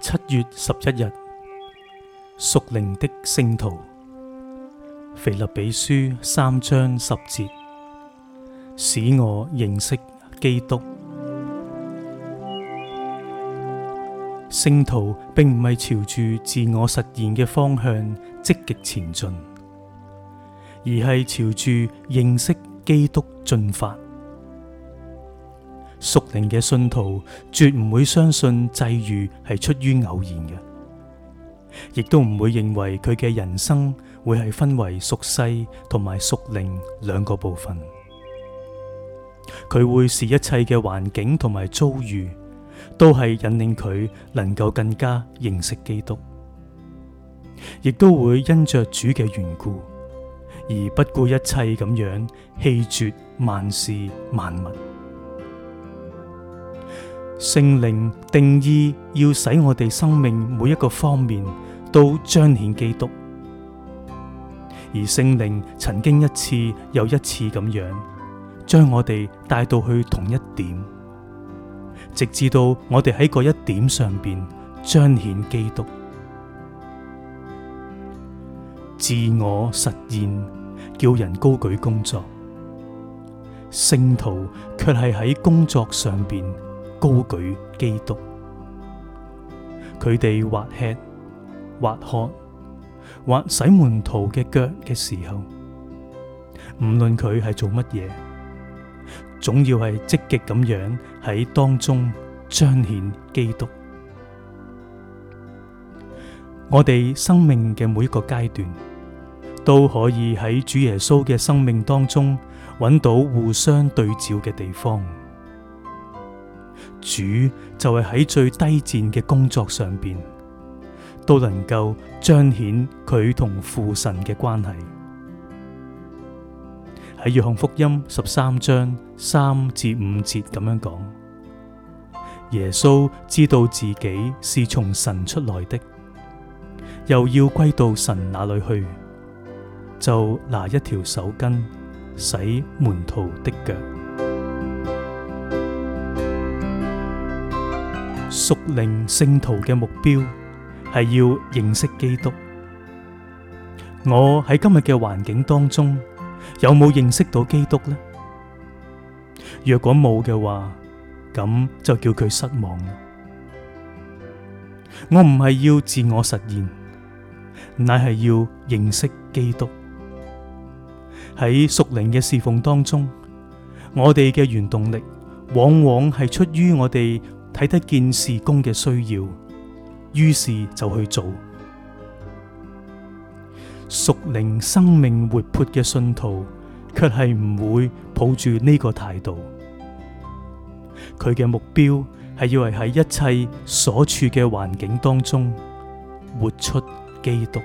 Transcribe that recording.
七月十一日，屬靈的聖徒，腓立比書三章十節，使我認識基督。聖徒並唔係朝住自我實現嘅方向積極前進，而係朝住認識基督進發。屬靈嘅信徒絕唔會相信際遇係出於偶然嘅，亦都唔會認為佢嘅人生會係分為屬世同埋屬靈兩個部分。佢會視一切嘅環境同埋遭遇都係引領佢能夠更加認識基督，亦都會因着主嘅緣故而不顧一切咁樣棄絕萬事萬物。聖靈定意要使我哋生命每一個方面都彰顯基督，而聖靈曾經一次又一次咁樣將我哋帶到去同一點，直至到我哋喺嗰一點上邊彰顯基督。自我實現叫人高舉工作，聖徒卻係喺工作上邊。高舉基督，佢哋或吃或喝或洗門徒嘅腳嘅時候，唔論佢係做乜嘢，總要係積極咁樣喺當中彰顯基督。我哋生命嘅每一個階段，都可以喺主耶穌嘅生命當中揾到互相對照嘅地方。主就係喺最低賤嘅工作上邊，都能夠彰顯佢同父神嘅關係。喺約翰福音十三章三至五節咁樣講，耶穌知道自己是從神出來的，又要歸到神那裡去，就拿一條手巾洗門徒的腳。屬靈聖徒嘅目標係要認識基督。我喺今日嘅環境當中有冇認識到基督呢？若果冇嘅話，咁就叫佢失望啦。我唔係要自我實現，乃係要認識基督。喺屬靈嘅侍奉當中，我哋嘅原動力往往係出於我哋。睇得見事工嘅需要，於是就去做。屬靈生命活潑嘅信徒，却係唔會抱住呢個態度。佢嘅目標係要喺一切所處嘅環境當中，活出基督。